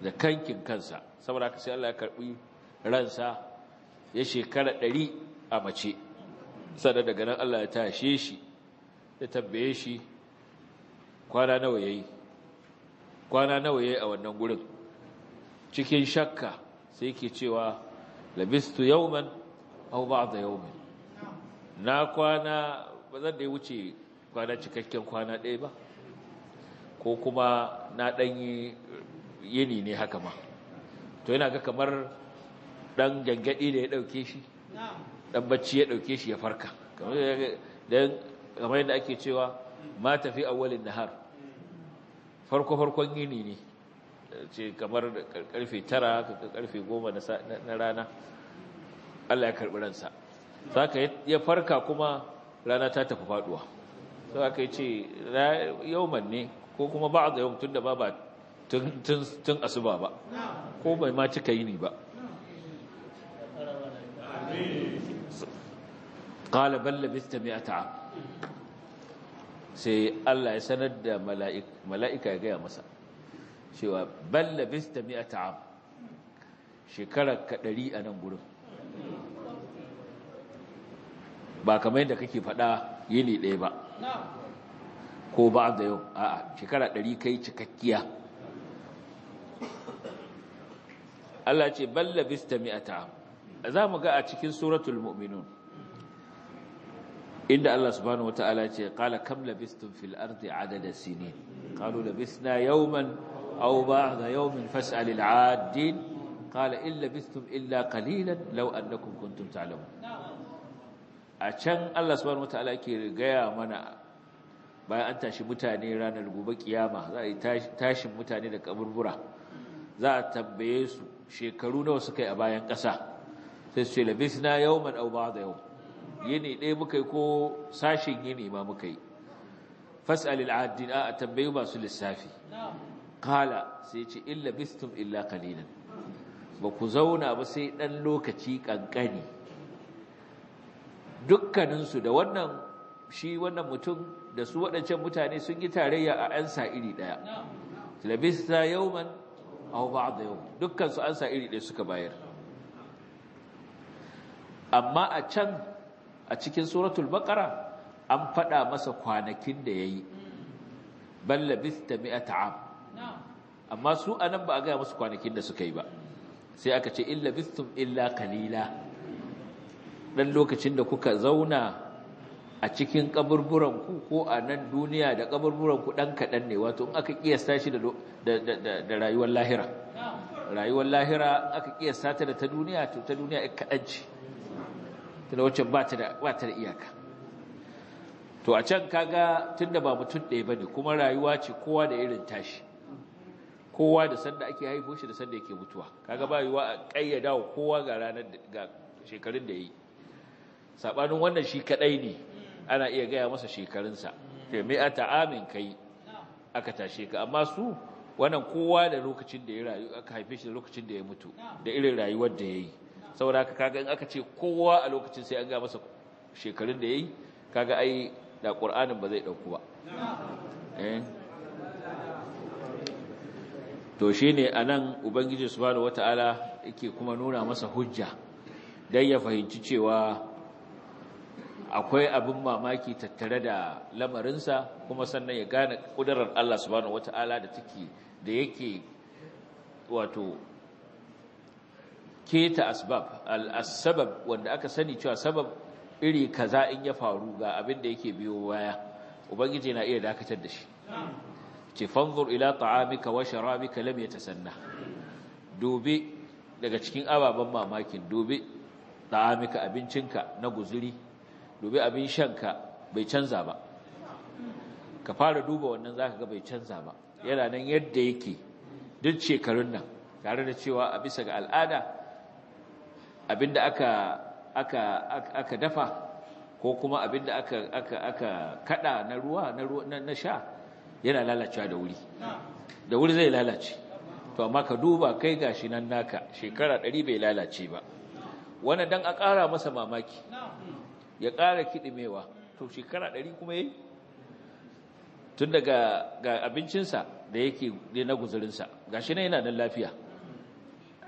da saboda haka sai Allah ya ransa ya shekara ɗari a mace sannan daga nan Allah ya tashe shi ya tambaye shi kwana nawa yayi kwana nawa yayi a wannan gurin cikin shakka sai yake cewa labistu yawman aw ba'da yawmin na kwana ba zan da wuce kwana cikakken kwana ɗaya ba ko kuma na yi yini ne haka ma to yana ga kamar ɗan gangaɗi da ya ɗauke shi dan bacci ya dauke shi ya farka kamar yadda ake cewa ma tafi awwalin nahar farko farkon yini ne ce kamar karfe 9 karfe 10 na rana Allah ya karbi ransa saka ya farka kuma rana ta tafi faduwa saka ce, yauman ne ko kuma ba'd yawm tunda ba ba tun asuba ba ko bai ma cika yini ba qala bal labista mi'ata am sai Allah ya sanar da mala'ika ya gaya masa cewa bal labista mi'ata am gurin ba kamar yadda kake faɗa yini ɗaya ba ko ba da yau a'a shekara ɗari kai cikakkiya Allah ce balla bista mi'ata za mu ga a cikin suratul mu'minun inda Allah subhanahu wataala ce qala kam labistum fil ardi adada sinin qalu labisna yawman aw ba'da yawmin fas'al al 'adin qala in labistum illa qalilan law annakum kuntum ta'lamun a can Allah subhanahu wataala ke gaya mana bayan an tashi mutane ranar gobe kiyama za a yi tashin mutane da kaburbura za a tambaye su shekaru nawa suka yi a bayan ƙasa sai su ce labisna yawman aw ba'da yawmin yini ɗaya muka yi ko sashen yini ma muka yi fas'alil adin a tambayi masu lissafi kala sai ce illa bistum illa kalinan ba ku zauna ba sai ɗan lokaci ƙanƙani dukkaninsu da wannan shi wannan mutum da su waɗancan mutane sun yi tarayya a ansa iri ɗaya labista yawman aw ba'da yau dukkan su ansa iri ɗaya suka bayar amma a can a cikin suratul baqara an faɗa masa kwanakin da yayi bal labista mi'ata am amma su anan ba a gaya musu kwanakin da suka yi ba sai aka ce illa bistum illa kalila. dan lokacin da kuka zauna a cikin kaburburan ku ko a nan duniya da kaburburan ku dan kadan ne wato in aka kiyasta shi da rayuwar lahira rayuwar lahira aka kiyasta ta da ta duniya to ta duniya kadan ce wacce ba ta da iyaka to a can kaga tun da ba mutum ɗaya ba ne kuma rayuwa ce kowa da irin tashi kowa da sanda ake haifo shi da sanda yake mutuwa kaga ba yiwa a ƙayyada wa kowa ga ranar ga shekarun da ya yi saɓanin wannan shi kaɗai ne ana iya gaya masa shekarunsa to me a ta'amin kai aka tashe ka amma su wannan kowa da lokacin da ya rayu aka haife shi da lokacin da ya mutu da irin rayuwar da ya yi saboda haka kaga in aka ce kowa a lokacin sai an ga masa shekarun da yayi kaga ai da qur'anin ba zai dauku ba shi eh? to a nan ubangiji subhanahu wataala yake kuma nuna masa hujja dan ya fahimci cewa akwai abin mamaki tattare da lamarinsa kuma sannan ya gane kudarar Allah subhanahu wataala da take da yake wato keta asbab al-sabab wanda aka sani cewa sabab iri kaza in ya faru ga abin da yake biyo baya ubangiji na iya dakatar da shi ce fanzur ila ta'amika wa sharabika lam yatasanna dobe daga cikin ababen mamakin dobe ta'amika abincinka na guzuri dobe abin shanka bai canza ba ka fara duba wannan zaka ga bai canza ba yana nan yadda yake duk shekarun nan tare da cewa a bisa ga al'ada abinda aka aka aka dafa ko kuma abinda aka aka aka kada na ruwa na na sha yana lalacewa da wuri da wuri zai lalace to amma ka duba kai gashi nan naka shekara 100 bai lalace ba wannan dan a ƙara masa mamaki ya ƙara kidimewa to shekara 100 kuma yayi tun daga ga abincinsa da yake na sa gashi nan yana nan lafiya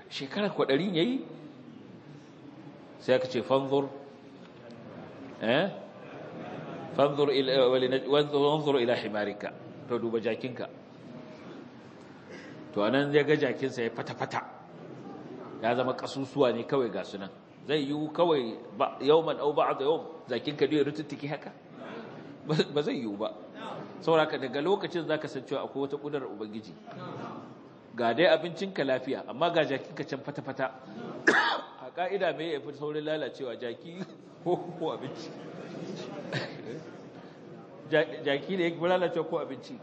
shekara 100 yayi sai aka ce fanzur eh fanzur ila eh, wanzur ila himarika to duba jakinka to anan zai ga jakinsa ya fata-fata ya zama kasusuwa ne kawai ga sunan zai yi kawai yawman au ba'd yawm jakinka dai rututtuki haka ba zai yi ba sauraka daga lokacin zaka san cewa akwai wata kudar ubangiji ga dai abincinka lafiya amma ga jakinka can fata-fata ƙa'ida mai ya fi saurin lalacewa jaki ko abinci jaki ne ya fi lalacewa ko abinci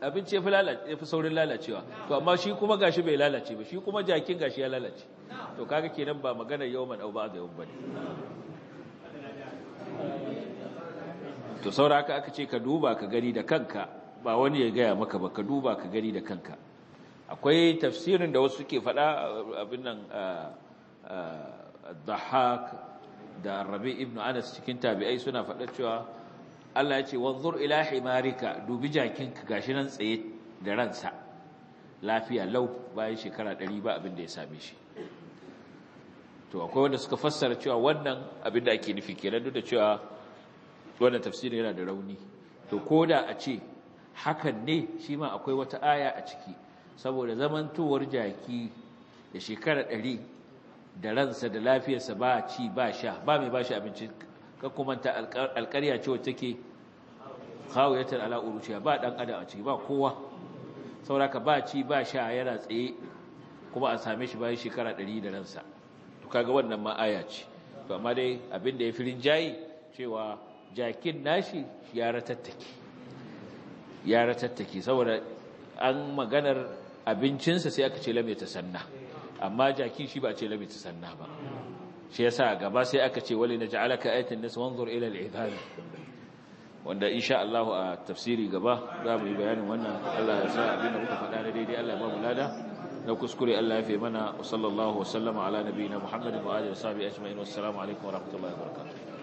abinci ya fi saurin lalacewa to amma shi kuma gashi bai lalace ba shi kuma jakin gashi ya lalace to kaga kenan ba magana yawman au ba ga yau bane to sauraka aka ce ka duba ka gani da kanka ba wani ya gaya maka ba ka duba ka gani da kanka akwai tafsirin da wasu ke faɗa abin nan ah, الضحاك da rabi ibn anas cikin tabi'ai suna faɗa cewa Allah ya ce wanzur ila himarika dubi jakinka gashi nan tsaye da ransa lafiya lau bayan shekara 100 ba abin da ya same shi to akwai wanda suka fassara cewa wannan abin da ake nufi kenan duk da cewa wannan tafsiri yana da rauni to koda a ce hakan ne shi ma akwai wata aya a ciki saboda zamantowar jaki da shekara ɗari da ransa da lafiyarsa ba ci ba sha ba mai ba shi abinci ka ta alƙarya ce take khawiyatar ala ba dan adam a ciki ba kowa sauraka ba ci ba sha yana tsaye kuma a same shi bayan shekara ɗari da ransa to kaga wannan ma ce to amma dai abin da ya fi jayi cewa jakin nashi ya ratattake ya ratattake saboda an maganar abincinsa sai aka ce lamai ta sanna amma jakin shi ba ce labita sannan ba shi yasa gaba sai aka ce na wali naj'alaka ayatan nas wanzur ila al'idhab wanda insha Allah a tafsiri gaba za mu yi bayanin wannan Allah ya sa abin da muka faɗa na daidai Allah ya ba mu lada na kuskure Allah ya fi mana wa sallallahu wa sallama ala nabiyina Muhammadin wa alihi wa sahbihi ajma'in wassalamu alaikum wa rahmatullahi wa barakatuh